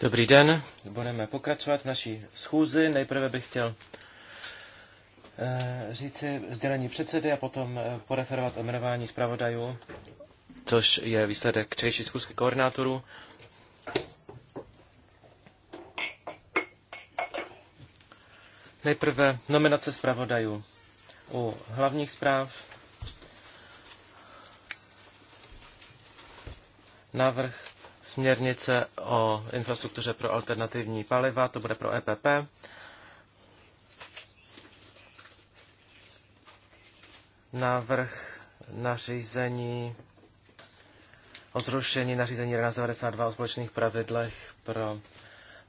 Dobrý den, budeme pokračovat v naší schůzi. Nejprve bych chtěl eh, říci sdělení předsedy a potom eh, poreferovat o jmenování zpravodajů, což je výsledek včerejší schůzky koordinátorů. Nejprve nominace zpravodajů u hlavních zpráv návrh směrnice o infrastruktuře pro alternativní paliva, to bude pro EPP. Návrh nařízení o zrušení nařízení 1992 o společných pravidlech pro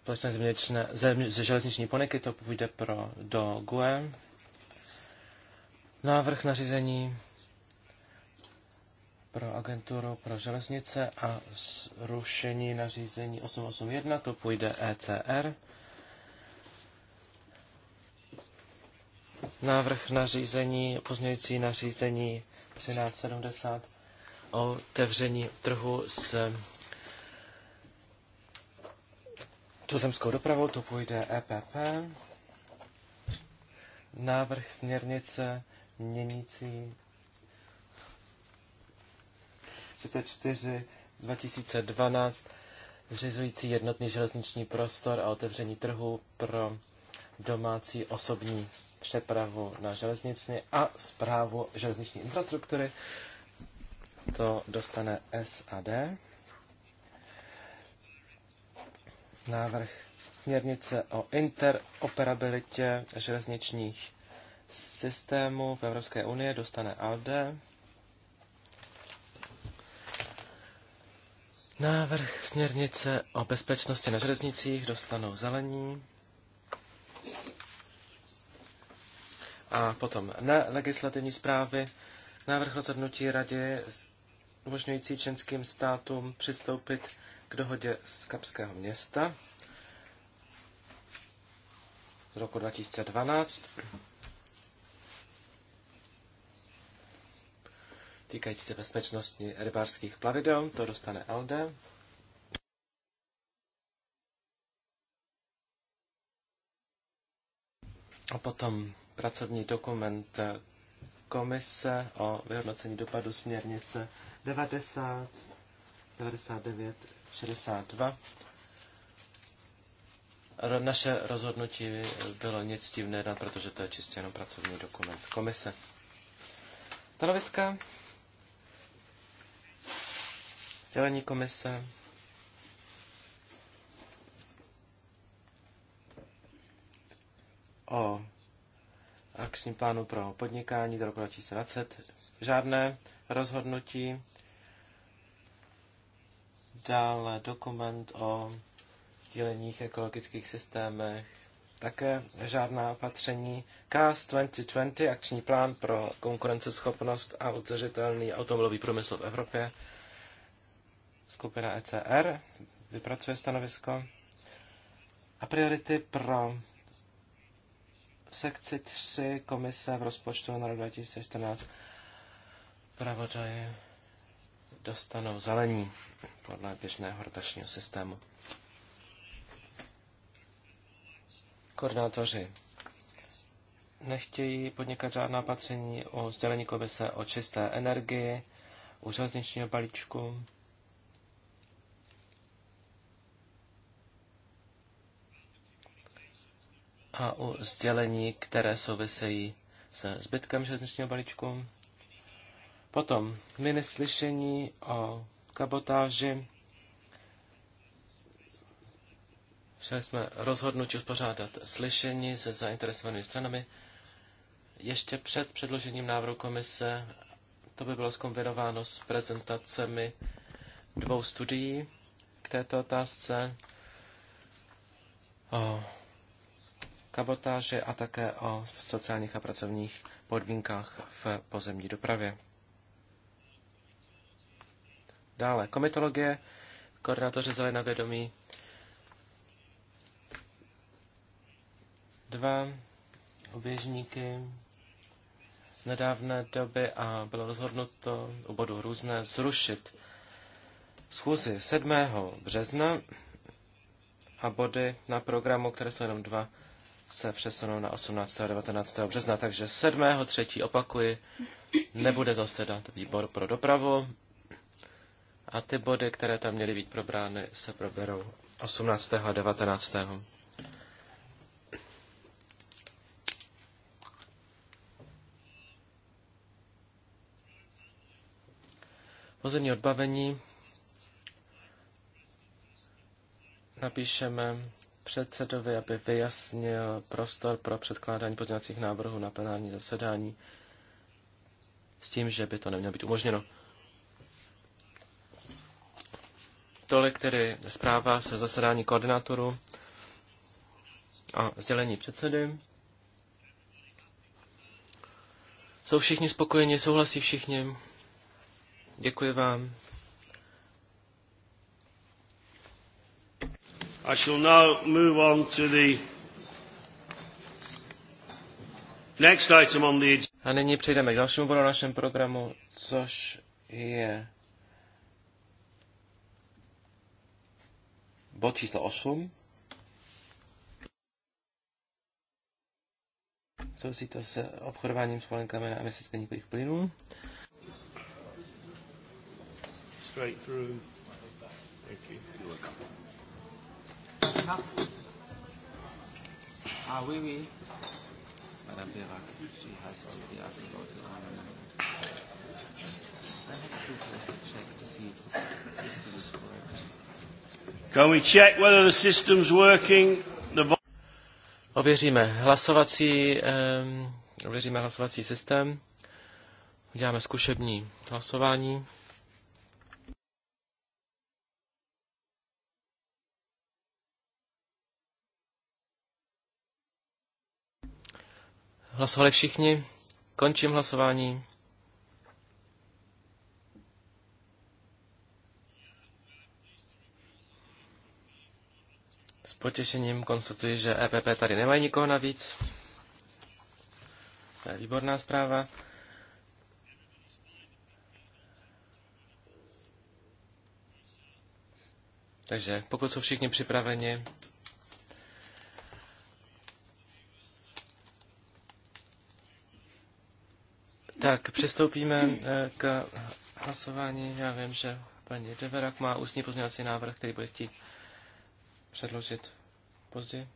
společné zeměčné, zem, železniční poniky, to půjde pro do GUE. Návrh nařízení pro agenturu pro železnice a zrušení nařízení 881, to půjde ECR. Návrh nařízení, pozměňující nařízení 1370 o otevření trhu s tuzemskou dopravou, to půjde EPP. Návrh směrnice měnící 2012 zřizující jednotný železniční prostor a otevření trhu pro domácí osobní přepravu na železnici a zprávu železniční infrastruktury. To dostane SAD. Návrh směrnice o interoperabilitě železničních systémů v Evropské unii dostane ALDE. Návrh směrnice o bezpečnosti na železnicích dostanou zelení. A potom na legislativní zprávy. Návrh rozhodnutí radě umožňující členským státům přistoupit k dohodě z Kapského města z roku 2012. týkající se bezpečnosti rybářských plavidel. To dostane Alde. A potom pracovní dokument komise o vyhodnocení dopadu směrnice 90, 99, 62. Naše rozhodnutí bylo nic tím protože to je čistě jenom pracovní dokument komise. Stanoviska sdělení komise. O akčním plánu pro podnikání do roku 2020. Žádné rozhodnutí. Dále dokument o sdíleních ekologických systémech. Také žádná opatření. CAS 2020, akční plán pro konkurenceschopnost a udržitelný automobilový průmysl v Evropě skupina ECR vypracuje stanovisko a priority pro sekci 3 komise v rozpočtu na rok 2014 pravodaje dostanou zelení podle běžného rotačního systému. Koordinátoři nechtějí podnikat žádná opatření o sdělení komise o čisté energii, u železničního balíčku, a u sdělení, které souvisejí se zbytkem železničního balíčku. Potom mini slyšení o kabotáži. Všeli jsme rozhodnutí uspořádat slyšení se zainteresovanými stranami. Ještě před předložením návrhu komise to by bylo zkombinováno s prezentacemi dvou studií k této otázce Oh kabotáže a také o sociálních a pracovních podmínkách v pozemní dopravě. Dále komitologie, koordinátoři vzali na vědomí dva oběžníky nedávné doby a bylo rozhodnuto u bodu různé zrušit schůzi 7. března a body na programu, které jsou jenom dva, se přesunou na 18. a 19. března, takže 7. 3. opakuji, nebude zasedat výbor pro dopravu a ty body, které tam měly být probrány, se proberou 18. a 19. Pozemní odbavení napíšeme předsedovi, aby vyjasnil prostor pro předkládání pozměňovacích návrhů na plenární zasedání s tím, že by to nemělo být umožněno. Tolik tedy zpráva se zasedání koordinátoru a sdělení předsedy. Jsou všichni spokojeni, souhlasí všichni. Děkuji vám. I shall now move on to the next item on the... agenda. A nyní přejdeme k dalšímu bodu na našem programu, což je bod číslo 8. Souvisí to s obchodováním s polenkami na emise skleníkových plynů. Straight through. Thank you. You're welcome ça Ah oui, oui. Madame Verac, she has already asked about the amendment. Let's do a check to see if the system is correct. Can we check whether the system's working? The Ověříme hlasovací, um, ověříme hlasovací systém. Uděláme zkušební hlasování. Hlasovali všichni? Končím hlasování. S potěšením konstatuji, že EPP tady nemají nikoho navíc. To je výborná zpráva. Takže pokud jsou všichni připraveni, Tak, přistoupíme eh, k hlasování. Já vím, že paní Deverak má ústní pozměňovací návrh, který bude chtít předložit později.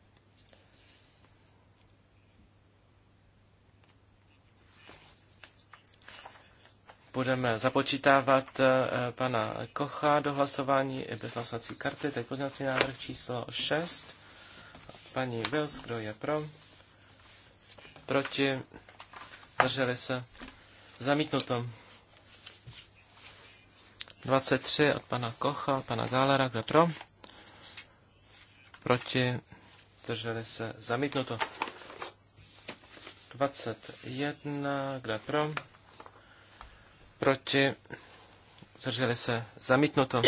budeme započítávat eh, pana Kocha do hlasování i bez hlasovací karty. Teď pozměňovací návrh číslo 6. Paní Wills, kdo je pro? Proti? Drželi se? Zamítnuto. 23 od pana Kocha, pana Gálera, kde pro? Proti, drželi se, zamítnuto. 21, kde pro? Proti, drželi se, zamítnuto.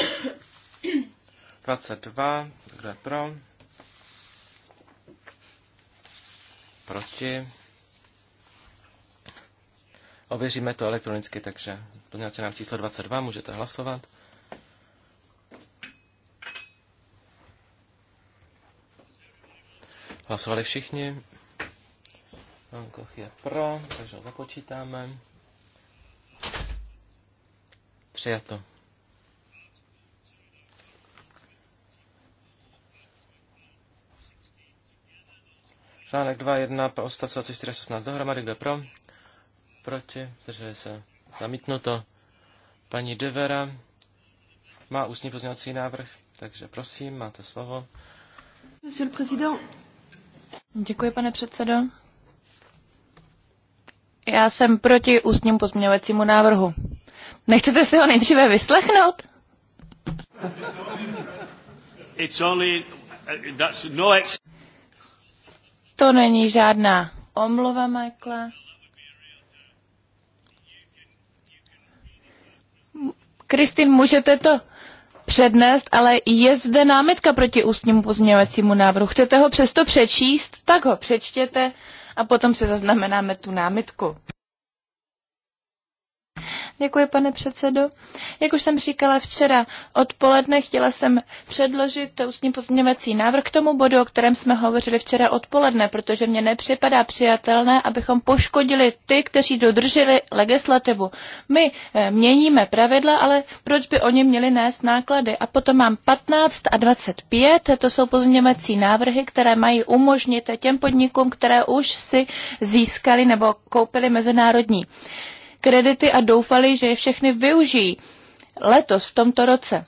22, kde pro? Proti, Ověříme to elektronicky, takže pozměňovací nám číslo 22 můžete hlasovat. Hlasovali všichni. Pan Koch je pro, takže ho započítáme. Přijato. Článek 2,1. 1, odstavce 24, dohromady, kdo pro, proti, zdrželi se, zamítnuto. Paní Devera má ústní pozměňovací návrh, takže prosím, máte slovo. Monsieur président. Děkuji, pane předsedo. Já jsem proti ústním pozměňovacímu návrhu. Nechcete si ho nejdříve vyslechnout? It's only, uh, that's no ex- to není žádná omluva, Michaela. Kristin, můžete to přednést, ale je zde námitka proti ústnímu pozměňovacímu návrhu. Chcete ho přesto přečíst? Tak ho přečtěte a potom se zaznamenáme tu námitku. Děkuji, pane předsedo. Jak už jsem říkala včera odpoledne, chtěla jsem předložit ústní pozměňovací návrh k tomu bodu, o kterém jsme hovořili včera odpoledne, protože mně nepřipadá přijatelné, abychom poškodili ty, kteří dodrželi legislativu. My eh, měníme pravidla, ale proč by oni měli nést náklady? A potom mám 15 a 25, to jsou pozměňovací návrhy, které mají umožnit těm podnikům, které už si získali nebo koupili mezinárodní kredity a doufali, že je všechny využijí letos, v tomto roce.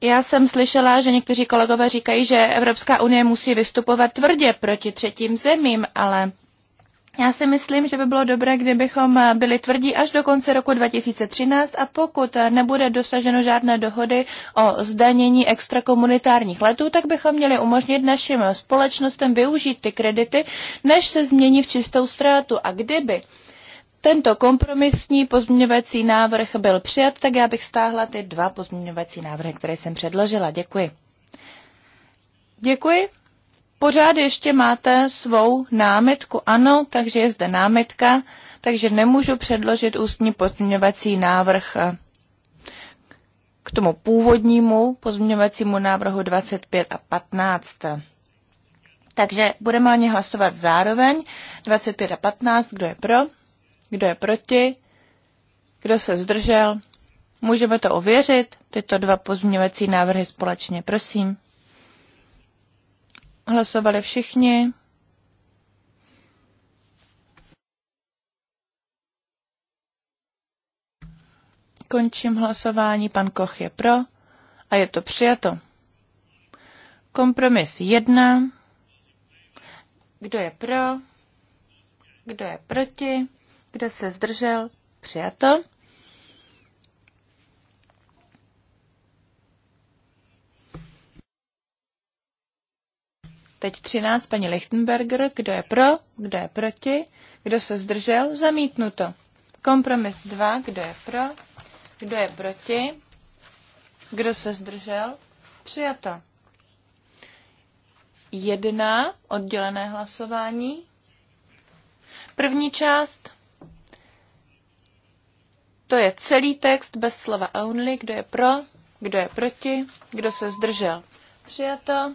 Já jsem slyšela, že někteří kolegové říkají, že Evropská unie musí vystupovat tvrdě proti třetím zemím, ale já si myslím, že by bylo dobré, kdybychom byli tvrdí až do konce roku 2013 a pokud nebude dosaženo žádné dohody o zdanění extrakomunitárních letů, tak bychom měli umožnit našim společnostem využít ty kredity, než se změní v čistou ztrátu. A kdyby tento kompromisní pozměňovací návrh byl přijat, tak já bych stáhla ty dva pozměňovací návrhy, které jsem předložila. Děkuji. Děkuji. Pořád ještě máte svou námitku. Ano, takže je zde námitka, takže nemůžu předložit ústní pozměňovací návrh eh, k tomu původnímu pozměňovacímu návrhu 25 a 15. Takže budeme o ně hlasovat zároveň. 25 a 15, kdo je pro? kdo je proti, kdo se zdržel. Můžeme to ověřit, tyto dva pozměňovací návrhy společně, prosím. Hlasovali všichni. Končím hlasování, pan Koch je pro a je to přijato. Kompromis 1. Kdo je pro? Kdo je proti? Kdo se zdržel? Přijato. Teď 13, paní Lichtenberger, kdo je pro, kdo je proti, kdo se zdržel, zamítnuto. Kompromis 2, kdo je pro, kdo je proti, kdo se zdržel, přijato. Jedna oddělené hlasování. První část to je celý text bez slova only, kdo je pro, kdo je proti, kdo se zdržel. Přijato.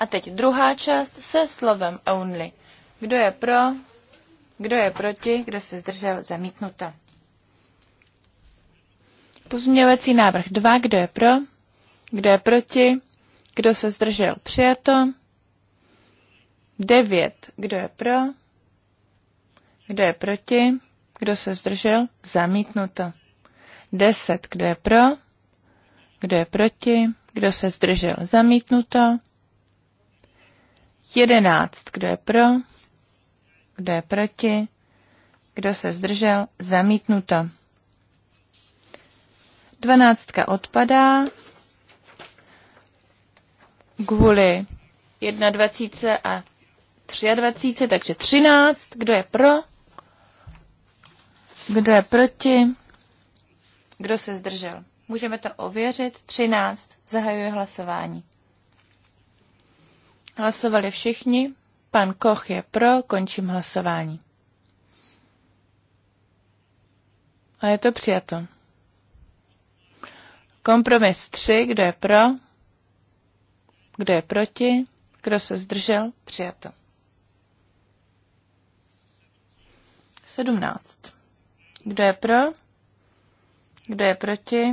A teď druhá část se slovem only. Kdo je pro, kdo je proti, kdo se zdržel, zamítnuto. Pozměňovací návrh 2, kdo je pro, kdo je proti, kdo se zdržel, přijato. 9, kdo je pro, kdo je proti, kdo se zdržel? Zamítnuto. 10. Kdo je pro? Kdo je proti? Kdo se zdržel? Zamítnuto. 11. Kdo je pro? Kdo je proti? Kdo se zdržel? Zamítnuto. 12. odpadá kvůli 21 a 23, takže 13. Kdo je pro? Kdo je proti? Kdo se zdržel? Můžeme to ověřit. 13. Zahajuje hlasování. Hlasovali všichni. Pan Koch je pro, končím hlasování. A je to přijato. Kompromis 3, kdo je pro, kdo je proti, kdo se zdržel, přijato. 17. Kdo je pro? Kdo je proti?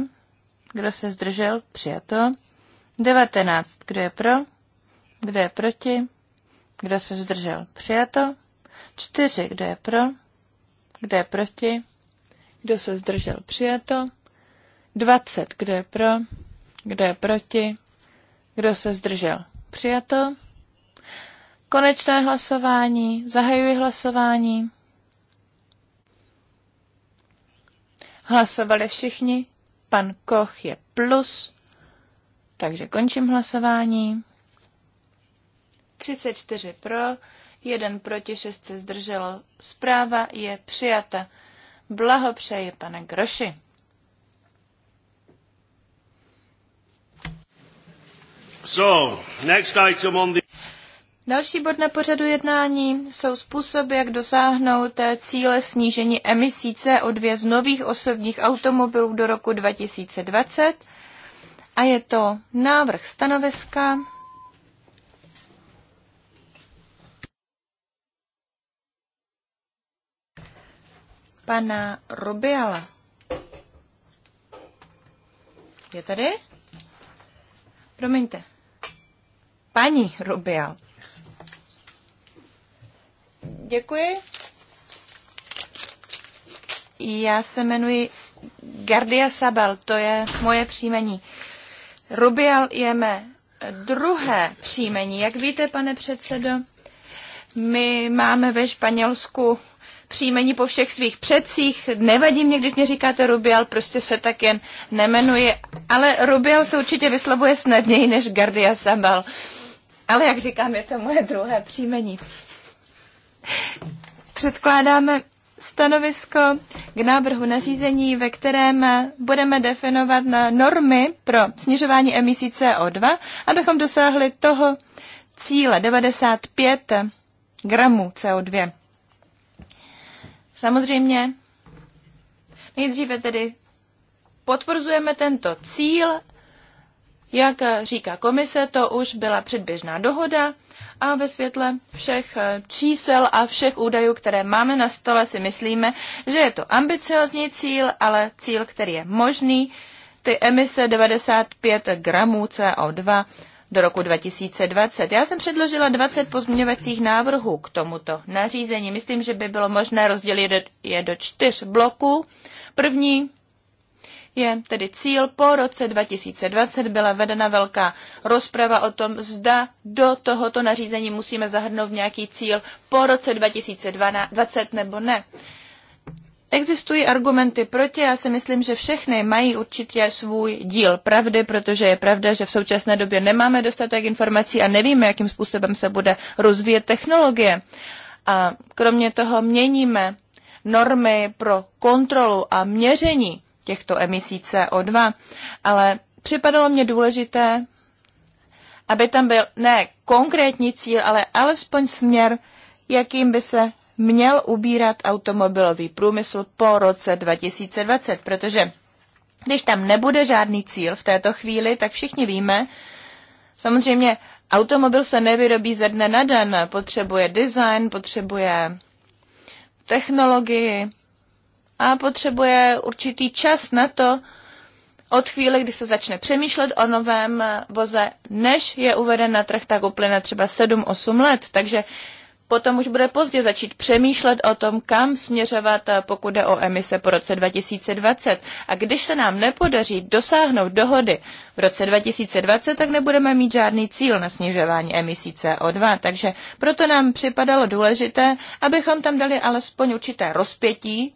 Kdo se zdržel? Přijato. 19. Kdo je pro? Kdo je proti? Kdo se zdržel? Přijato. 4. Kdo je pro? Kdo je proti? Kdo se zdržel? Přijato. 20. Kdo je pro? Kdo je proti? Kdo se zdržel? Přijato. Konečné hlasování. Zahajuji hlasování. Hlasovali všichni. Pan Koch je plus. Takže končím hlasování. 34 pro, 1 proti, 6 se zdrželo. Zpráva je přijata. Blahopřeji, pane Groši. So, next item on the... Další bod na pořadu jednání jsou způsoby, jak dosáhnout cíle snížení emisí CO2 z nových osobních automobilů do roku 2020. A je to návrh stanoviska. pana Robiala. Je tady? Promiňte. Paní Robial. Děkuji. Já se jmenuji Gardia Sabel, to je moje příjmení. Rubial je mé druhé příjmení. Jak víte, pane předsedo, my máme ve Španělsku příjmení po všech svých předcích. Nevadí mě, když mě říkáte Rubial, prostě se tak jen nemenuje. Ale Rubial se určitě vyslovuje snadněji než Gardia Sabal. Ale jak říkám, je to moje druhé příjmení. Předkládáme stanovisko k návrhu nařízení, ve kterém budeme definovat na normy pro snižování emisí CO2, abychom dosáhli toho cíle 95 gramů CO2. Samozřejmě nejdříve tedy potvrzujeme tento cíl, jak říká komise, to už byla předběžná dohoda, a ve světle všech eh, čísel a všech údajů, které máme na stole, si myslíme, že je to ambiciozní cíl, ale cíl, který je možný, ty emise 95 gramů CO2 do roku 2020. Já jsem předložila 20 pozměňovacích návrhů k tomuto nařízení. Myslím, že by bylo možné rozdělit je do čtyř bloků. První je tedy cíl. Po roce 2020 byla vedena velká rozprava o tom, zda do tohoto nařízení musíme zahrnout nějaký cíl po roce 2020 nebo ne. Existují argumenty proti, já si myslím, že všechny mají určitě svůj díl pravdy, protože je pravda, že v současné době nemáme dostatek informací a nevíme, jakým způsobem se bude rozvíjet technologie. A kromě toho měníme normy pro kontrolu a měření těchto emisí CO2, ale připadalo mě důležité, aby tam byl ne konkrétní cíl, ale alespoň směr, jakým by se měl ubírat automobilový průmysl po roce 2020, protože když tam nebude žádný cíl v této chvíli, tak všichni víme, samozřejmě automobil se nevyrobí ze dne na den, potřebuje design, potřebuje technologii, a potřebuje určitý čas na to, od chvíle, kdy se začne přemýšlet o novém voze, než je uveden na trh, tak uplyne třeba 7-8 let. Takže potom už bude pozdě začít přemýšlet o tom, kam směřovat, pokud jde o emise po roce 2020. A když se nám nepodaří dosáhnout dohody v roce 2020, tak nebudeme mít žádný cíl na snižování emisí CO2. Takže proto nám připadalo důležité, abychom tam dali alespoň určité rozpětí,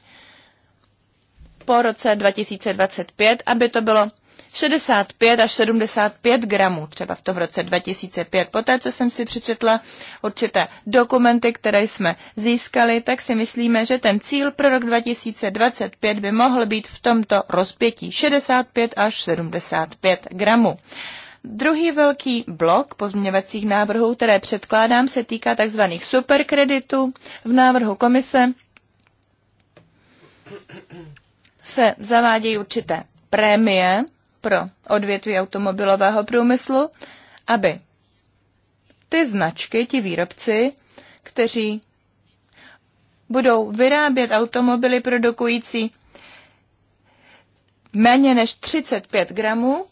po roce 2025, aby to bylo 65 až 75 gramů třeba v tom roce 2005. Poté, co jsem si přečetla určité dokumenty, které jsme získali, tak si myslíme, že ten cíl pro rok 2025 by mohl být v tomto rozpětí 65 až 75 gramů. Druhý velký blok pozměňovacích návrhů, které předkládám, se týká tzv. superkreditů v návrhu komise se zavádějí určité prémie pro odvětví automobilového průmyslu, aby ty značky, ti výrobci, kteří budou vyrábět automobily produkující méně než 35 gramů,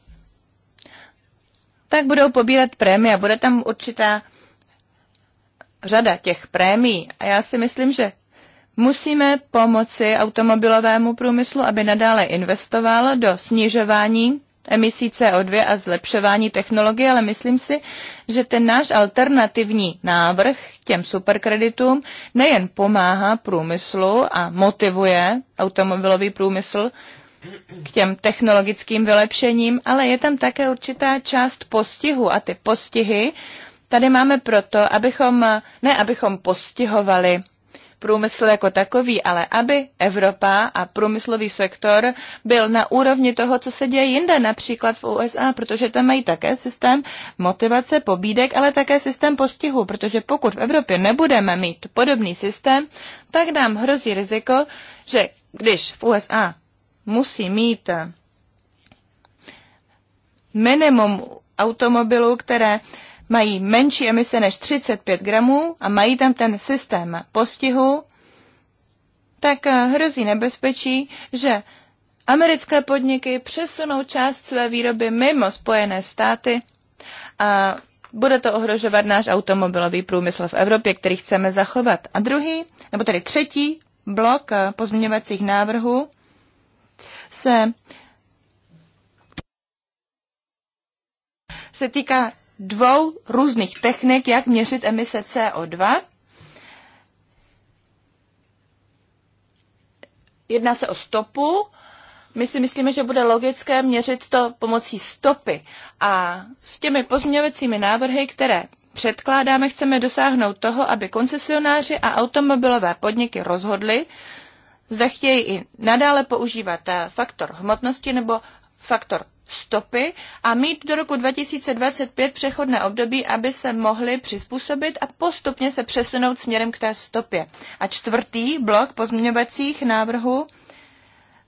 tak budou pobírat prémie. Bude tam určitá řada těch prémií. A já si myslím, že Musíme pomoci automobilovému průmyslu, aby nadále investoval do snižování emisí CO2 a zlepšování technologie, ale myslím si, že ten náš alternativní návrh těm superkreditům nejen pomáhá průmyslu a motivuje automobilový průmysl k těm technologickým vylepšením, ale je tam také určitá část postihu a ty postihy tady máme proto, abychom, ne abychom postihovali průmysl jako takový, ale aby Evropa a průmyslový sektor byl na úrovni toho, co se děje jinde, například v USA, protože tam mají také systém motivace, pobídek, ale také systém postihu, protože pokud v Evropě nebudeme mít podobný systém, tak nám hrozí riziko, že když v USA musí mít eh, minimum automobilů, které uh, mají menší emise než 35 gramů a mají tam ten systém postihu, tak eh, hrozí nebezpečí, že americké podniky přesunou část své výroby mimo Spojené státy a bude to ohrožovat náš automobilový průmysl v Evropě, který chceme zachovat. A druhý, nebo tedy třetí blok eh, pozměňovacích návrhů se se týká dvou různých technik, jak měřit emise CO2. Jedná se o stopu. My si myslíme, že bude logické měřit to pomocí stopy. A s těmi pozměňovacími návrhy, které předkládáme, chceme dosáhnout toho, aby koncesionáři a automobilové podniky rozhodli, zda chtějí i nadále používat eh, faktor hmotnosti nebo faktor stopy a mít do roku 2025 přechodné období, aby se mohli přizpůsobit a postupně se přesunout směrem k té stopě. A čtvrtý blok pozměňovacích návrhů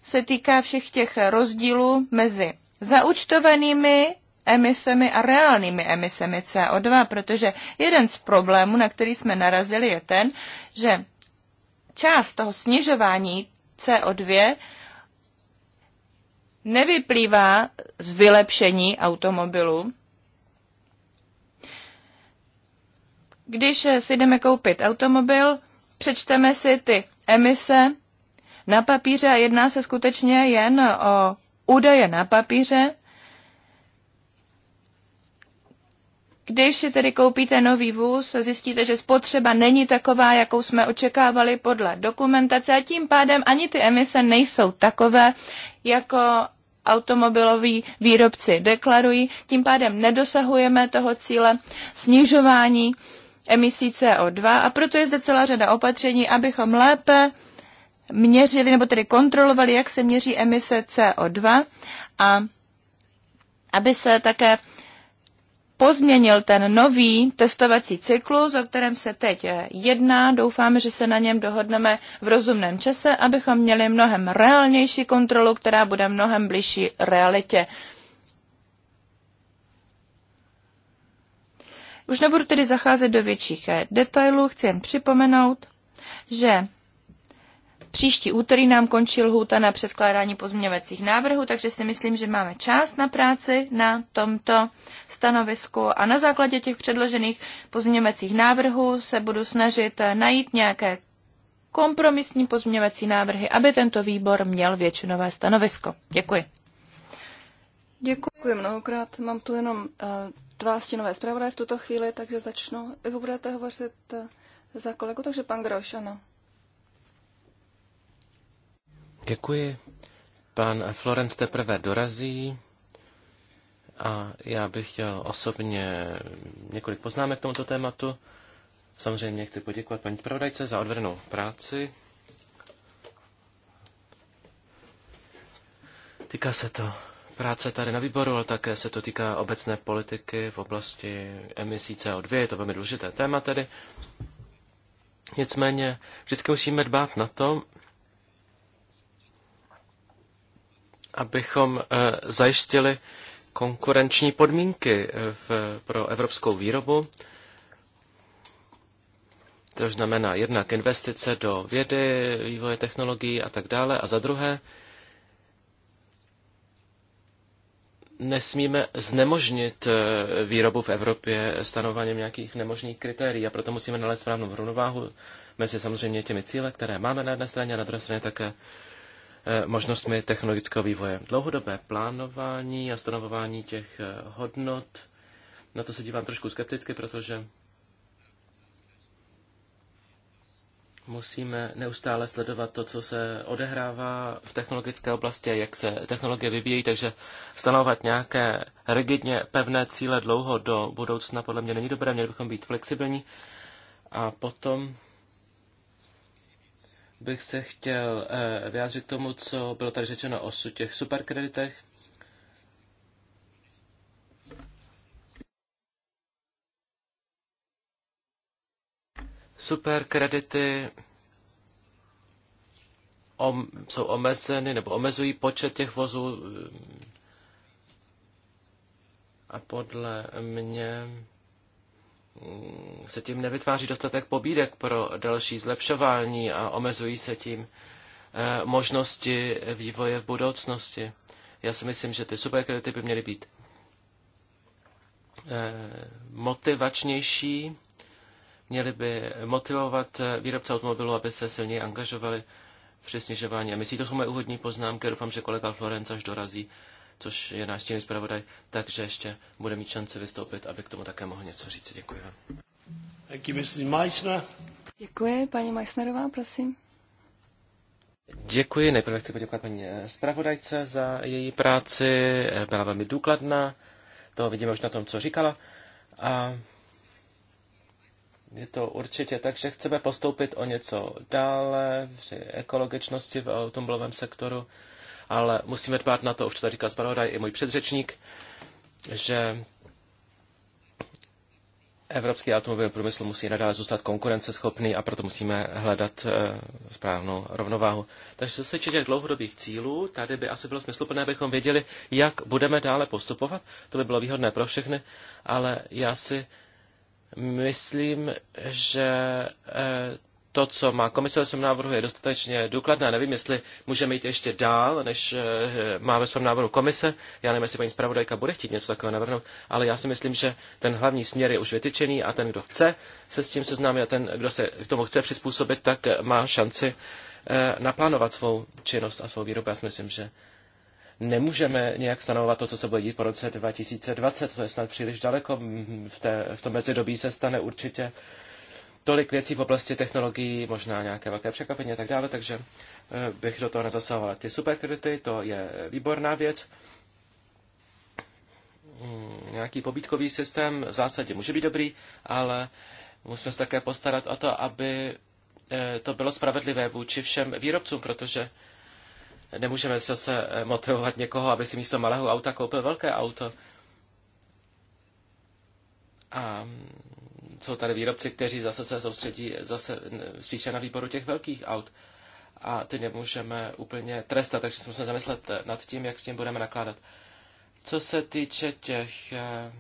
se týká všech těch rozdílů mezi zaučtovanými emisemi a reálnými emisemi CO2, protože jeden z problémů, na který jsme narazili, je ten, že část toho snižování CO2 nevyplývá z vylepšení automobilu. Když si jdeme koupit automobil, přečteme si ty emise na papíře a jedná se skutečně jen o údaje na papíře. Když si tedy koupíte nový vůz, zjistíte, že spotřeba není taková, jakou jsme očekávali podle dokumentace a tím pádem ani ty emise nejsou takové, jako automobiloví výrobci deklarují. Tím pádem nedosahujeme toho cíle snižování emisí CO2 a proto je zde celá řada opatření, abychom lépe měřili nebo tedy kontrolovali, jak se měří emise CO2 a aby se také pozměnil ten nový testovací cyklus, o kterém se teď jedná. Doufám, že se na něm dohodneme v rozumném čase, abychom měli mnohem reálnější kontrolu, která bude mnohem bližší realitě. Už nebudu tedy zacházet do větších detailů, chci jen připomenout, že Příští úterý nám končí lhůta na předkládání pozměňovacích návrhů, takže si myslím, že máme čas na práci na tomto stanovisku a na základě těch předložených pozměňovacích návrhů se budu snažit najít nějaké kompromisní pozměňovací návrhy, aby tento výbor měl většinové stanovisko. Děkuji. Děkuji, Děkuji mnohokrát. Mám tu jenom uh, dva stěnové zpravodaje v tuto chvíli, takže začnu. Vy budete hovořit uh, za kolegu, takže pan Groš, ano. Děkuji. Pan Florence teprve dorazí a já bych chtěl osobně několik poznámek k tomuto tématu. Samozřejmě chci poděkovat paní pravodajce za odvedenou práci. Týká se to práce tady na výboru, ale také se to týká obecné politiky v oblasti emisí CO2. Je to velmi důležité téma tedy. Nicméně vždycky musíme dbát na to, abychom eh, zajistili konkurenční podmínky eh, v, pro evropskou výrobu. To znamená jednak investice do vědy, vývoje technologií a tak dále. A za druhé, nesmíme znemožnit eh, výrobu v Evropě stanovaním nějakých nemožných kritérií a proto musíme nalézt správnou rovnováhu mezi samozřejmě těmi cíle, které máme na jedné straně a na druhé straně také Eh, možnostmi technologického vývoje. Dlouhodobé plánování a stanovování těch eh, hodnot, na to se dívám trošku skepticky, protože musíme neustále sledovat to, co se odehrává v technologické oblasti, jak se technologie vyvíjí, takže stanovat nějaké rigidně pevné cíle dlouho do budoucna podle mě není dobré, měli bychom být flexibilní a potom bych se chtěl eh, vyjádřit k tomu, co bylo tady řečeno o těch superkreditech. Superkredity om, jsou omezeny nebo omezují počet těch vozů eh, a podle mě Mm, se tím nevytváří dostatek pobídek pro další zlepšování a omezují se tím eh, možnosti vývoje v budoucnosti. Já si myslím, že ty superkredity by měly být eh, motivačnější, měly by motivovat eh, výrobce automobilů, aby se silněji angažovali při snižování emisí. To jsou moje úvodní poznámky, doufám, že kolega Florenc až dorazí, což je náš tím zpravodaj, takže ještě bude mít šanci vystoupit, aby k tomu také mohl něco říct. Děkuji vám. Děkuji, paní Meissnerová, prosím. Děkuji, nejprve chci poděkovat paní eh, zpravodajce za její práci, eh, byla velmi důkladná, to vidíme už na tom, co říkala. A je to určitě tak, že chceme postoupit o něco dále při ekologičnosti v automobilovém sektoru ale musíme dbát na to, už to tady říkal zpravodaj i můj předřečník, že evropský automobil průmysl musí nadále zůstat konkurenceschopný a proto musíme hledat eh, správnou rovnováhu. Takže se týče těch dlouhodobých cílů, tady by asi bylo smysluplné, abychom věděli, jak budeme dále postupovat. To by bylo výhodné pro všechny, ale já si myslím, že eh, to, co má komise ve svém návrhu, je dostatečně důkladné. Nevím, jestli můžeme jít ještě dál, než eh, má ve svém návrhu komise. Já nevím, jestli paní zpravodajka bude chtít něco takového navrhnout, ale já si myslím, že ten hlavní směr je už vytyčený a ten, kdo chce se s tím seznámit a ten, kdo se k tomu chce přizpůsobit, tak eh, má šanci eh, naplánovat svou činnost a svou výrobu. Já si myslím, že nemůžeme nějak stanovovat to, co se bude dít po roce 2020. To je snad příliš daleko. V, té, v tom mezidobí se stane určitě tolik věcí v oblasti technologií, možná nějaké velké překvapení a tak dále, takže eh, bych do toho nezasahoval. Ty superkredity, to je výborná věc. Hmm, nějaký pobítkový systém v zásadě může být dobrý, ale musíme se také postarat o to, aby eh, to bylo spravedlivé vůči všem výrobcům, protože nemůžeme zase eh, motivovat někoho, aby si místo malého auta koupil velké auto. A jsou tady výrobci, kteří zase se soustředí zase spíše na výboru těch velkých aut a ty nemůžeme úplně trestat, takže se musíme zamyslet nad tím, jak s tím budeme nakládat. Co se týče těch eh,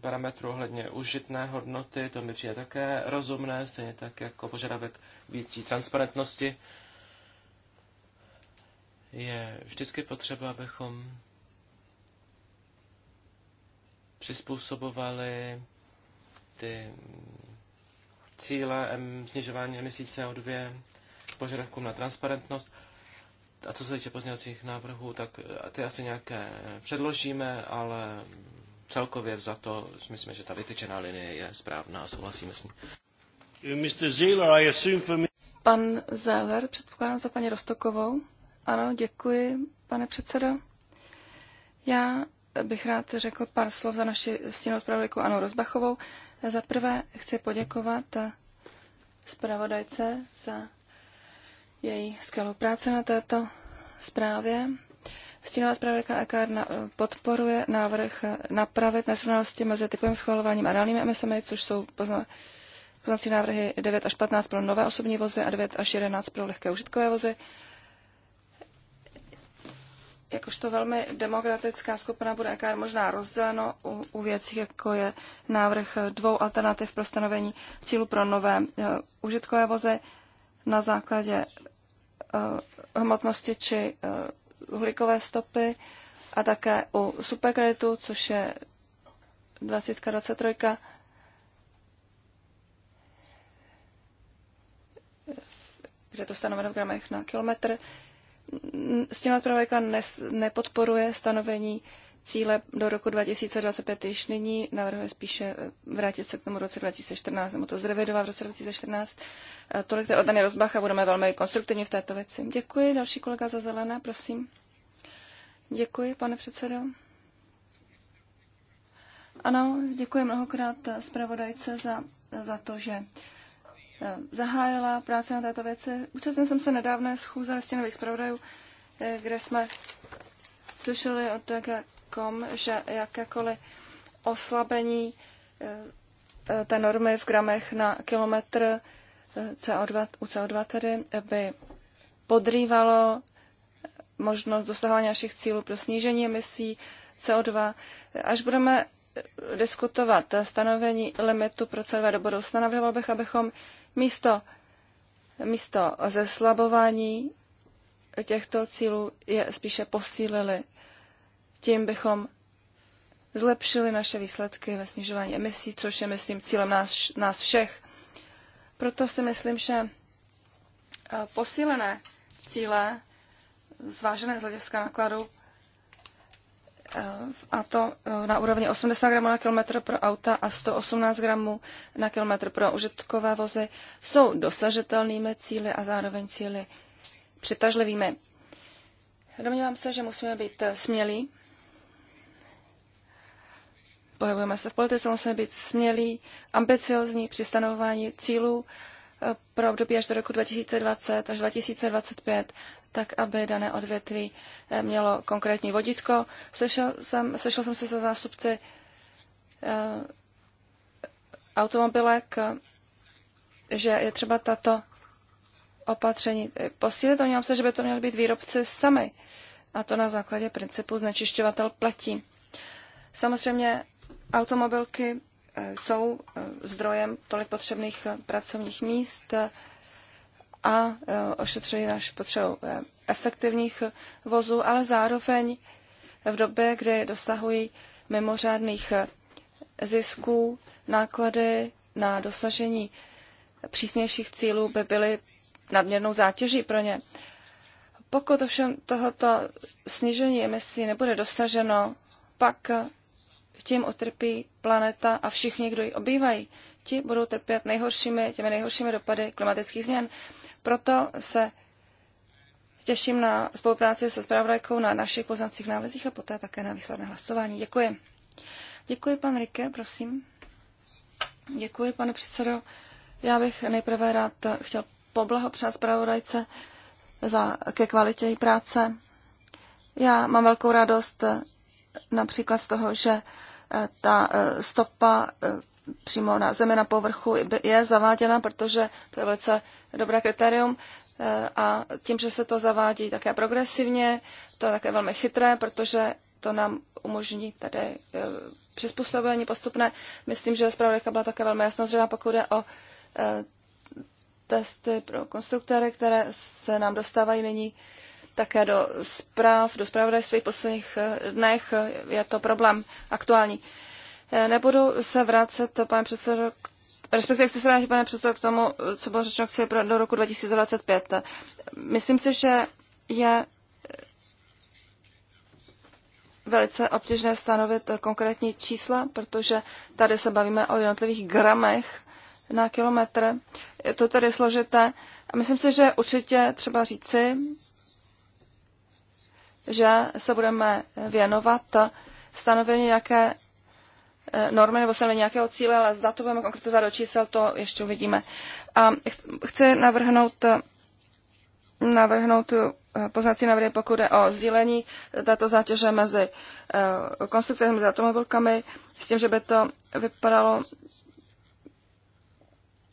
parametrů ohledně užitné hodnoty, to mi přijde také rozumné, stejně tak jako požadavek větší transparentnosti. Je vždycky potřeba, abychom přizpůsobovali ty cíle snižování emisí CO2, požadavků na transparentnost. A co se týče pozměňovacích návrhů, tak eh, ty asi nějaké předložíme, ale celkově za to myslím, že ta vytyčená linie je správná a souhlasíme s ní. Mr. Zeller, I assume for me... Pan Zeller, předpokládám za paní Rostokovou. Ano, děkuji, pane předsedo. Já bych rád řekl pár slov za naši stínou zpravodajku Anou Rozbachovou. Za prvé chci poděkovat zpravodajce za její skvělou práci na této zprávě. Stínová zpravodajka EKR podporuje návrh napravit nesrovnalosti mezi typovým schvalováním a reálnými emisemi, což jsou poznací návrhy 9 až 15 pro nové osobní vozy a 9 až 11 pro lehké užitkové vozy jakožto velmi demokratická skupina bude EKR možná rozděleno u, u věcí, jako je návrh dvou alternativ pro stanovení cílu pro nové uh, užitkové vozy na základě uh, hmotnosti či uh, uhlíkové stopy a také u superkreditu, což je 2023, kde to stanoveno v gramech na kilometr. Uh, stěna zpravodajka nepodporuje stanovení cíle do roku 2025 již nyní, navrhuje spíše eh, vrátit se k tomu roce 2014, nebo to zrevidovat v roce 2014. Eh, tolik od Dany a budeme velmi konstruktivní v této věci. Děkuji, další kolega za zelené, prosím. Děkuji, pane předsedo. Ano, děkuji mnohokrát eh, zpravodajce za, za to, že Eh, zahájila práce na této věci. Účastnil jsem se nedávné schůze stěnových zpravodajů, eh, kde jsme slyšeli od DGCOM, že jakékoliv oslabení eh, té normy v gramech na kilometr CO2, u CO2 tedy by podrývalo možnost dosahování našich cílů pro snížení emisí CO2. Až budeme diskutovat stanovení limitu pro CO2 do budoucna, navrhoval bych, abychom místo, místo zeslabování těchto cílů je spíše posílili. Tím bychom zlepšili naše výsledky ve snižování emisí, což je, myslím, cílem nás, nás všech. Proto si myslím, že eh, posílené cíle zvážené z hlediska nákladu a to eh, na úrovni 80 gramů na kilometr pro auta a 118 gramů na kilometr pro užitkové vozy, jsou dosažitelnými cíly a zároveň cíly přitažlivými. Domnívám se, že musíme být eh, smělí. Pohybujeme se v politice, musíme být smělí, ambiciozní při stanovování cílů eh, pro období až do roku 2020 až 2025 tak aby dané odvětví eh, mělo konkrétní vodítko. Slyšel jsem, slyšel jsem se za zástupci eh, automobilek, že je třeba tato opatření eh, posílit. Domnívám se, že by to měly být výrobci sami, a to na základě principu znečišťovatel platí. Samozřejmě automobilky jsou zdrojem tolik potřebných pracovních míst, a e, ošetřují naši potřebu e, efektivních e, vozů, ale zároveň v době, kdy dosahují mimořádných zisků, náklady na dosažení přísnějších cílů by byly nadměrnou zátěží pro ně. Pokud ovšem tohoto snížení emisí nebude dosaženo, pak tím utrpí planeta a všichni, kdo ji obývají. Ti budou trpět nejhoršími, těmi nejhoršími dopady klimatických změn. Proto se těším na spolupráci se zpravodajkou na našich poznacích návrzích a poté také na výsledné hlasování. Děkuji. Děkuji, pan Rike, prosím. Děkuji, pane předsedo. Já bych nejprve rád chtěl poblahopřát zpravodajce za, ke kvalitě její práce. Já mám velkou radost například z toho, že ta eh, stopa eh, přímo na zemi na povrchu je zaváděna, protože to je velice dobré kritérium. Eh, a tím, že se to zavádí také progresivně, to je také velmi chytré, protože to nám umožní tady eh, přizpůsobení postupné. Myslím, že zpravodajka byla také velmi jasnozřelá, pokud jde o eh, testy pro konstruktory, které se nám dostávají nyní také do zpráv, do zpravodajství v posledních dnech. Je to problém aktuální. Eh, nebudu se vracet, pane předsedo, respektive chci se vrátit, pane předsedo, k tomu, co bylo řečeno chci pro, do roku 2025. Myslím si, že je eh, velice obtížné stanovit eh, konkrétní čísla, protože tady se bavíme o jednotlivých gramech na kilometr. Je to tedy složité. A myslím si, že určitě třeba říci, že se budeme věnovat stanovení nějaké Eh, normy nebo stanovení nějakého cíle, ale zda to budeme konkretizovat do čísel, to ještě uvidíme. A chci navrhnout eh, navrhnout eh, poznací návrhy, pokud je o sdílení této zátěže mezi konstruktory, mezi automobilkami, s tím, že by to vypadalo,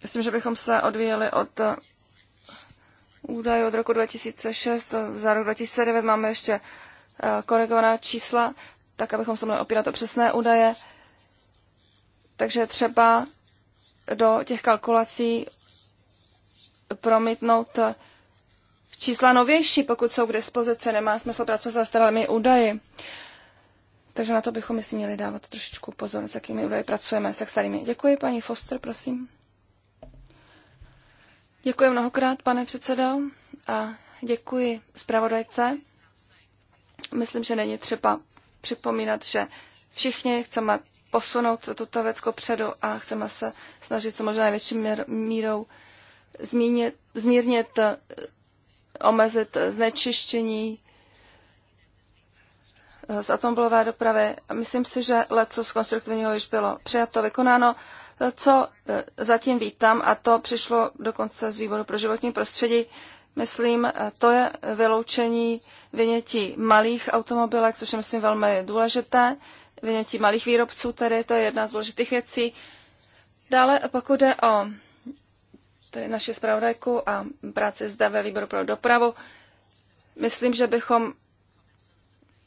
s tím, že bychom se odvíjeli od údajů od roku 2006, za rok 2009 máme ještě korigovaná čísla, tak abychom se mohli opírat o přesné údaje. Takže třeba do těch kalkulací promítnout čísla novější, pokud jsou k dispozici. Nemá smysl pracovat s starými údaji. Takže na to bychom si měli dávat trošičku pozor, s jakými údaji pracujeme, se starými. Děkuji, paní Foster, prosím. Děkuji mnohokrát, pane předsedo, a děkuji zpravodajce. Myslím, že není třeba připomínat, že všichni chceme posunout tuto věc předu a chceme se snažit co možná největší mírou zmínit, zmírnit, eh, omezit znečištění eh, z atomblové dopravy. Myslím si, že leco z konstruktivního již bylo přijato, vykonáno. Eh, co zatím vítám, a to přišlo dokonce z výboru pro životní prostředí, myslím, to je vyloučení vynětí malých automobilek, což je, myslím, velmi důležité vynětí malých výrobců, tady to je jedna z důležitých věcí. Dále, pokud jde o tady naše zpravodajku a práci zde ve výboru pro dopravu, myslím, že bychom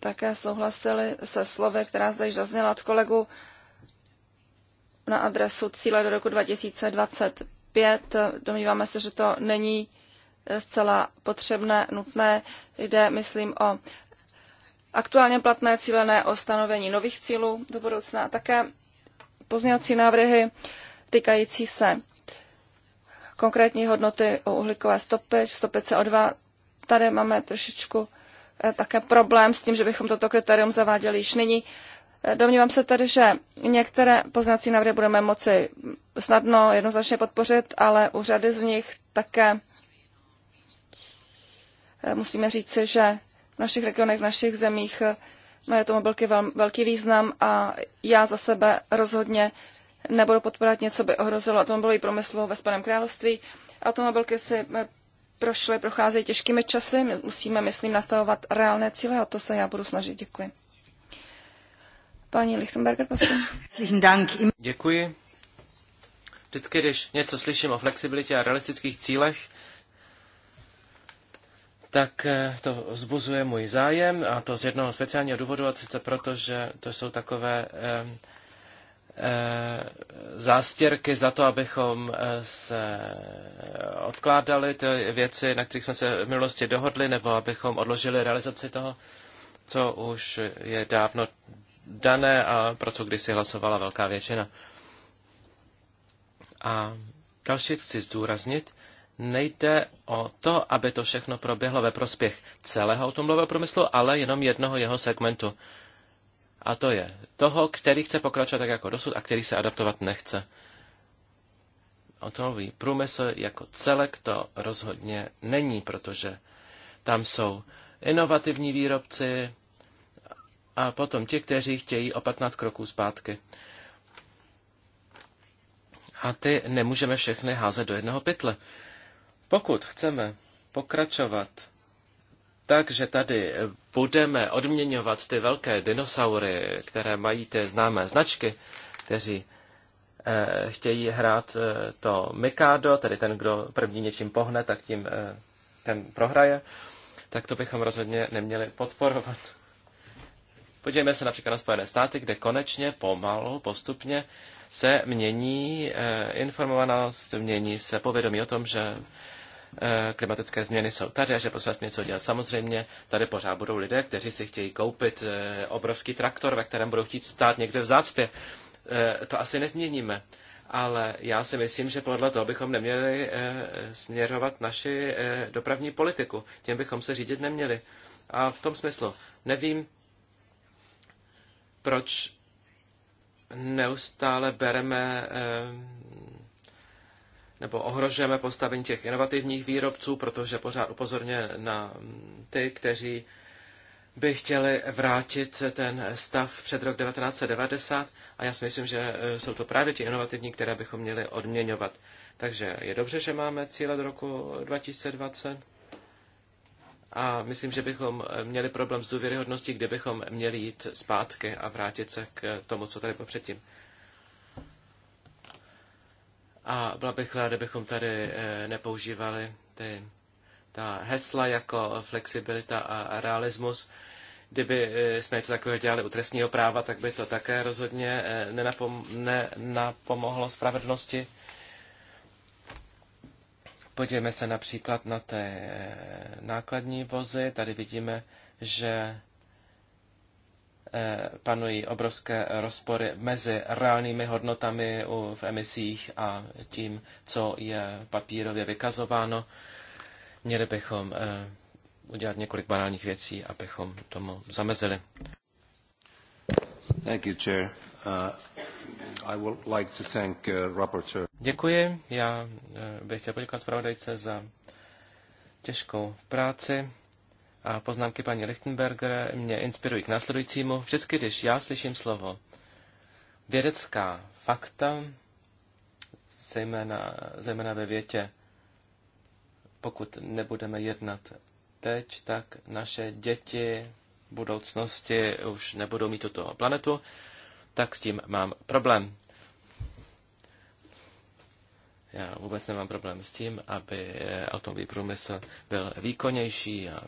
také souhlasili se slovy, která zde již zazněla od kolegu na adresu cíle do roku 2025. Domníváme se, že to není zcela potřebné, nutné. Jde, myslím, o aktuálně platné cílené o stanovení nových cílů do budoucna a také pozměňovací návrhy týkající se konkrétní hodnoty u uhlíkové stopy, stopy CO2. Tady máme trošičku eh, také problém s tím, že bychom toto kritérium zaváděli již nyní. Eh, domnívám se tedy, že některé poznací návrhy budeme moci snadno jednoznačně podpořit, ale u řady z nich také eh, musíme říci, že v našich regionech, v našich zemích. má to mobilky vel, velký význam a já za sebe rozhodně nebudu podporovat něco, by ohrozilo automobilový průmysl ve Spaném království. Automobilky si eh, prošly, procházejí těžkými časy, My musíme, myslím, nastavovat reálné cíle a to se já budu snažit. Děkuji. Paní Lichtenberger, prosím. Děkuji. Vždycky, když něco slyším o flexibilitě a realistických cílech, tak eh, to vzbuzuje můj zájem a to z jednoho speciálního důvodu, a sice proto, že to jsou takové eh, zástěrky za to, abychom eh, se odkládali ty věci, na kterých jsme se v minulosti dohodli, nebo abychom odložili realizaci toho, co už je dávno dané a pro co kdysi hlasovala velká většina. A další chci zdůraznit, nejde o to, aby to všechno proběhlo ve prospěch celého automobilového průmyslu, ale jenom jednoho jeho segmentu. A to je toho, který chce pokračovat tak jako dosud a který se adaptovat nechce. Automobilový průmysl jako celek to rozhodně není, protože tam jsou inovativní výrobci a potom ti, kteří chtějí o 15 kroků zpátky. A ty nemůžeme všechny házet do jednoho pytle. Pokud chceme pokračovat tak, že tady budeme odměňovat ty velké dinosaury, které mají ty známé značky, kteří eh, chtějí hrát eh, to Mikado, tedy ten, kdo první něčím pohne, tak tím eh, ten prohraje, tak to bychom rozhodně neměli podporovat. Podívejme se například na Spojené státy, kde konečně pomalu, postupně se mění eh, informovanost, mění se povědomí o tom, že eh, klimatické změny jsou tady a že potřeba něco dělat. Samozřejmě tady pořád budou lidé, kteří si chtějí koupit eh, obrovský traktor, ve kterém budou chtít stát někde v zácpě. To asi nezměníme. Ale já si myslím, že podle toho bychom neměli směrovat naši dopravní politiku. Tím bychom se řídit neměli. A v tom smyslu nevím, proč neustále bereme eh, nebo ohrožujeme postavení těch inovativních výrobců, protože pořád upozorně na ty, kteří by chtěli vrátit ten stav před rok 1990 a já si myslím, že eh, jsou to právě ti inovativní, které bychom měli odměňovat. Takže je dobře, že máme cíle do roku 2020 a myslím, že bychom měli problém s důvěryhodností, kde bychom měli jít zpátky a vrátit se k tomu, co tady bylo předtím. A byla bych ráda, kdybychom tady eh, nepoužívali ty, ta hesla jako flexibilita a realismus. Kdyby eh, jsme něco takového dělali u trestního práva, tak by to také rozhodně eh, nenapom, nenapomohlo spravedlnosti. Podívejme se například na ty eh, nákladní vozy. Tady vidíme, že eh, panují obrovské rozpory mezi reálnými hodnotami v emisích a tím, co je papírově vykazováno. Měli bychom eh, udělat několik banálních věcí, abychom tomu zamezili. Thank you, Chair. Uh, I would like to thank uh, Rapporteur. Děkuji. Já eh, bych chtěl poděkovat zpravodajce za těžkou práci a poznámky paní Lichtenberger mě inspirují k následujícímu. Vždycky, když já slyším slovo vědecká fakta, zejména, zejména ve větě, pokud nebudeme jednat teď, tak naše děti v budoucnosti už nebudou mít tuto planetu, tak s tím mám problém. Já vůbec nemám problém s tím, aby eh, automobilový průmysl byl výkonnější a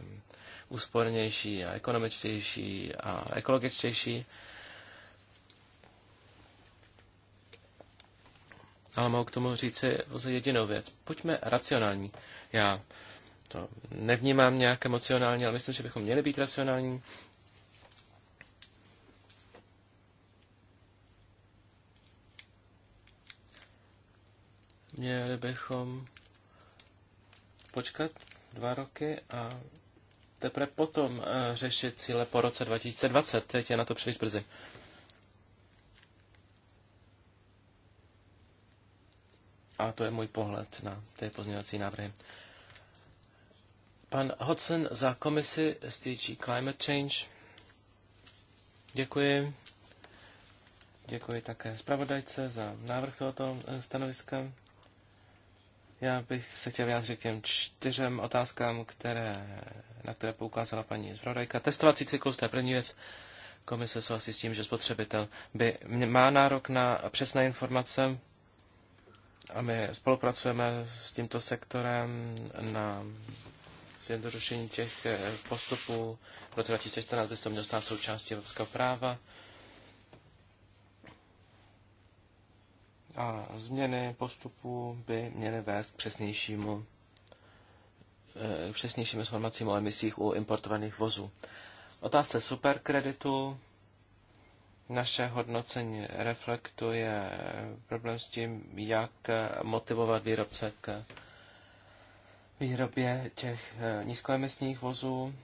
úspornější a ekonomičtější a ekologičtější. Ale mohu k tomu říci pouze jedinou věc. Buďme racionální. Já to nevnímám nějak emocionálně, ale myslím, že bychom měli být racionální. Měli bychom počkat dva roky a teprve potom eh, řešit cíle po roce 2020. Teď je na to příliš brzy. A to je můj pohled na ty pozměňovací návrhy. Pan Hodson za komisi STG Climate Change. Děkuji. Děkuji také zpravodajce za návrh tohoto eh, stanoviska. Já bych se chtěl vyjádřit k těm čtyřem otázkám, které, na které poukázala paní zpravodajka. Testovací cyklus, to je první věc. Komise souhlasí s tím, že spotřebitel by má nárok na přesné informace a my spolupracujeme s tímto sektorem na zjednodušení těch eh, postupů. V roce 2014 by to mělo stát součástí evropského práva. A změny postupu by měly vést k přesnějšímu eh, k přesnějším informacím o emisích u importovaných vozů. Otázce superkreditu. Naše hodnocení reflektuje problém s tím, jak motivovat výrobce k výrobě těch eh, nízkoemisních vozů.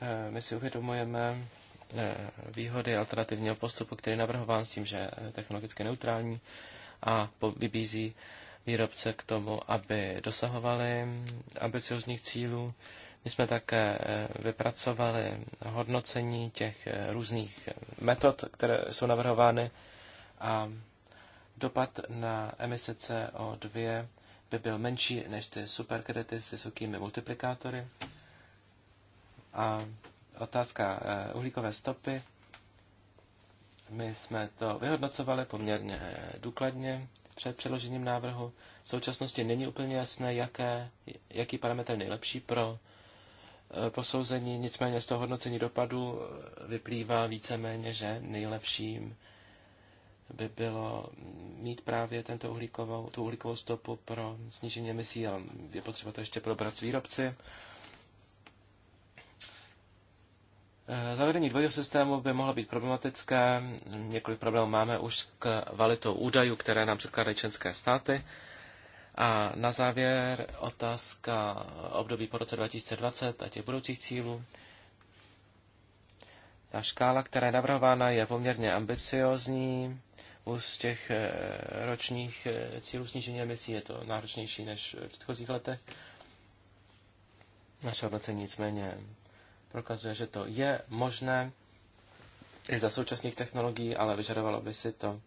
Eh, my si uvědomujeme výhody alternativního postupu, který je navrhován s tím, že je technologicky neutrální a vybízí výrobce k tomu, aby dosahovali ambiciozních cílů. My jsme také eh, vypracovali hodnocení těch eh, různých metod, které jsou navrhovány a dopad na emise CO2 by byl menší než ty superkredity s vysokými multiplikátory. A otázka eh, uhlíkové stopy my jsme to vyhodnocovali poměrně eh, důkladně před předložením návrhu. V současnosti není úplně jasné, jaké, jaký parametr je nejlepší pro eh, posouzení, nicméně z toho hodnocení dopadu eh, vyplývá víceméně, že nejlepším by bylo mít právě tento uhlíkovou, tu uhlíkovou stopu pro snížení emisí, ale je potřeba to ještě probrat s výrobci. Eh, zavedení dvojího systému by mohlo být problematické. Několik problémů máme už s kvalitou údajů, které nám předkládají členské státy. A na závěr otázka období po roce 2020 a těch budoucích cílů. Ta škála, která je navrhována, je poměrně ambiciozní. U z těch eh, ročních eh, cílů snížení emisí je to náročnější než v předchozích letech. Naše hodnocení nicméně prokazuje, že to je možné i za současných technologií, ale vyžadovalo by si to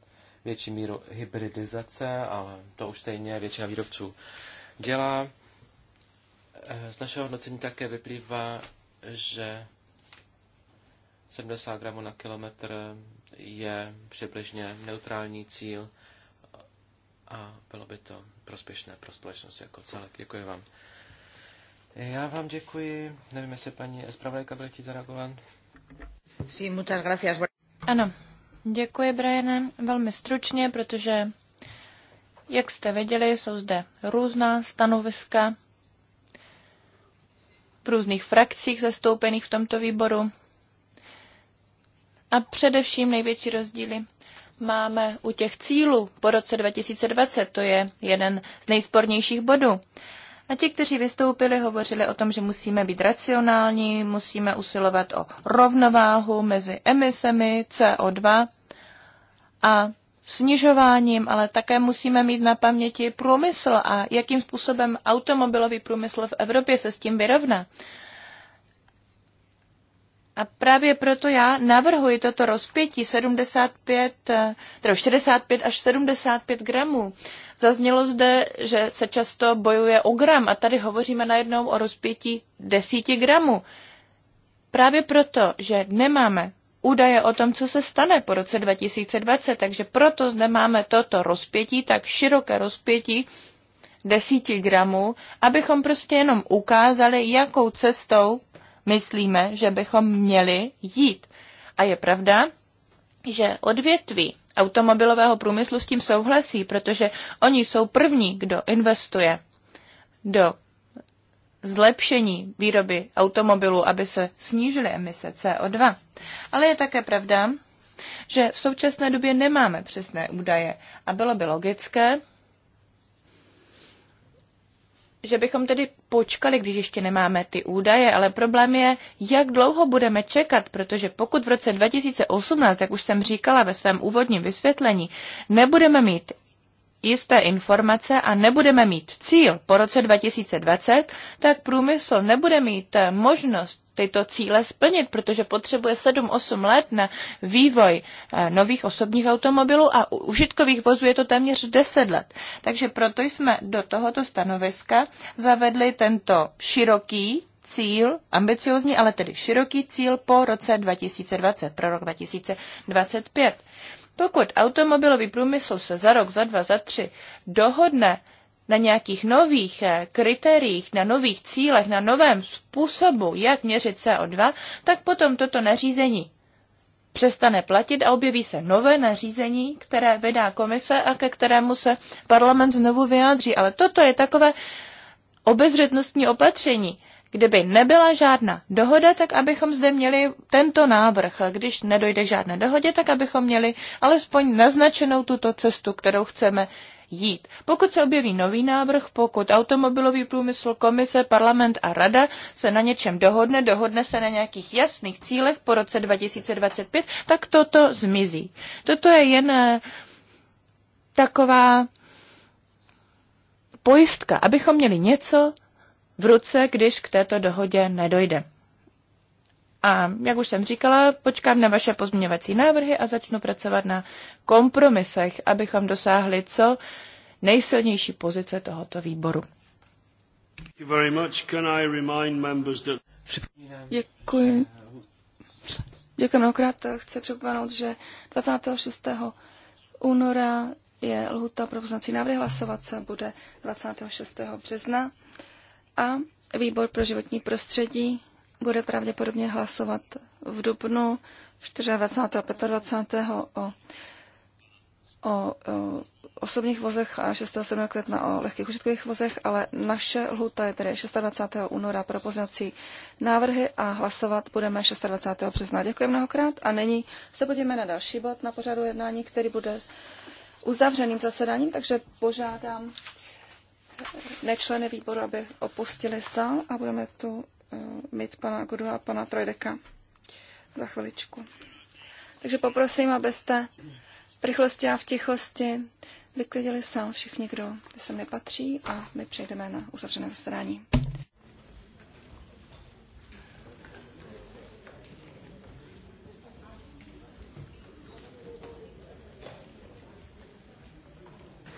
větší míru hybridizace, ale to už stejně většina výrobců dělá. Eh, z našeho hodnocení také vyplývá, že 70 gramů na kilometr je přibližně neutrální cíl a bylo by to prospěšné pro společnost jako celek. Děkuji vám. Já vám děkuji. Nevím, jestli paní Espravodajka bude chtít zareagovat. Sí, muchas gracias. Ano, děkuji, Briane. Velmi stručně, protože, jak jste viděli, jsou zde různá stanoviska v různých frakcích zastoupených v tomto výboru. A především největší rozdíly máme u těch cílů po roce 2020. To je jeden z nejspornějších bodů. A ti, kteří vystoupili, hovořili o tom, že musíme být racionální, musíme usilovat o rovnováhu mezi emisemi CO2 a snižováním, ale také musíme mít na paměti průmysl a jakým způsobem automobilový průmysl v Evropě se s tím vyrovná. A právě proto já navrhuji toto rozpětí 75, 65 eh, až 75 gramů. Zaznělo zde, že se často bojuje o gram a tady hovoříme najednou o rozpětí desíti gramů. Právě proto, že nemáme údaje o tom, co se stane po roce 2020, takže proto zde máme toto rozpětí, tak široké rozpětí desíti gramů, abychom prostě jenom ukázali, jakou cestou myslíme, že bychom měli jít. A je pravda, že odvětví automobilového průmyslu s tím souhlasí, protože oni jsou první, kdo investuje do zlepšení výroby automobilů, aby se snížily emise CO2. Ale je také pravda, že v současné době nemáme přesné údaje a bylo by logické, že bychom tedy počkali, když ještě nemáme ty údaje, ale problém je, jak dlouho budeme čekat, protože pokud v roce 2018, jak už jsem říkala ve svém úvodním vysvětlení, nebudeme mít jisté informace a nebudeme mít cíl po roce 2020, tak průmysl nebude mít možnost tyto cíle splnit, protože potřebuje 7-8 let na vývoj eh, nových osobních automobilů a u užitkových vozů je to téměř 10 let. Takže proto jsme do tohoto stanoviska zavedli tento široký cíl, ambiciozní, ale tedy široký cíl po roce 2020, pro rok 2025. Pokud automobilový průmysl se za rok, za dva, za tři dohodne na nějakých nových eh, kritériích, na nových cílech, na novém způsobu, jak měřit CO2, tak potom toto nařízení přestane platit a objeví se nové nařízení, které vydá komise a ke kterému se parlament znovu vyjádří. Ale toto je takové obezřetnostní opatření. Kdyby nebyla žádná dohoda, tak abychom zde měli tento návrh. A když nedojde k žádné dohodě, tak abychom měli alespoň naznačenou tuto cestu, kterou chceme jít. Pokud se objeví nový návrh, pokud automobilový průmysl, komise, parlament a rada se na něčem dohodne, dohodne se na nějakých jasných cílech po roce 2025, tak toto zmizí. Toto je jen eh, taková pojistka, abychom měli něco v ruce, když k této dohodě nedojde. A jak už jsem říkala, počkám na vaše pozměňovací návrhy a začnu pracovat na kompromisech, abychom dosáhli co nejsilnější pozice tohoto výboru. Děkuji. Děkuji mnohokrát. Chci připomenout, že 26. února je lhuta pro poznací návrhy hlasovat se bude 26. března a výbor pro životní prostředí bude pravděpodobně hlasovat v dubnu 24. a 25. o, o, o osobních vozech a 6. 7. května o lehkých užitkových vozech, ale naše lhuta je tedy 26. února pro pozměňovací návrhy a hlasovat budeme 26. března. Děkuji mnohokrát a nyní se podíváme na další bod na pořadu jednání, který bude uzavřeným zasedáním, takže požádám nečleny výboru, aby opustili sál a budeme tu mít pana Gudu a pana Trojdeka za chviličku. Takže poprosím, abyste v rychlosti a v tichosti vyklidili sám všichni, kdo sem nepatří a my přejdeme na uzavřené zasedání.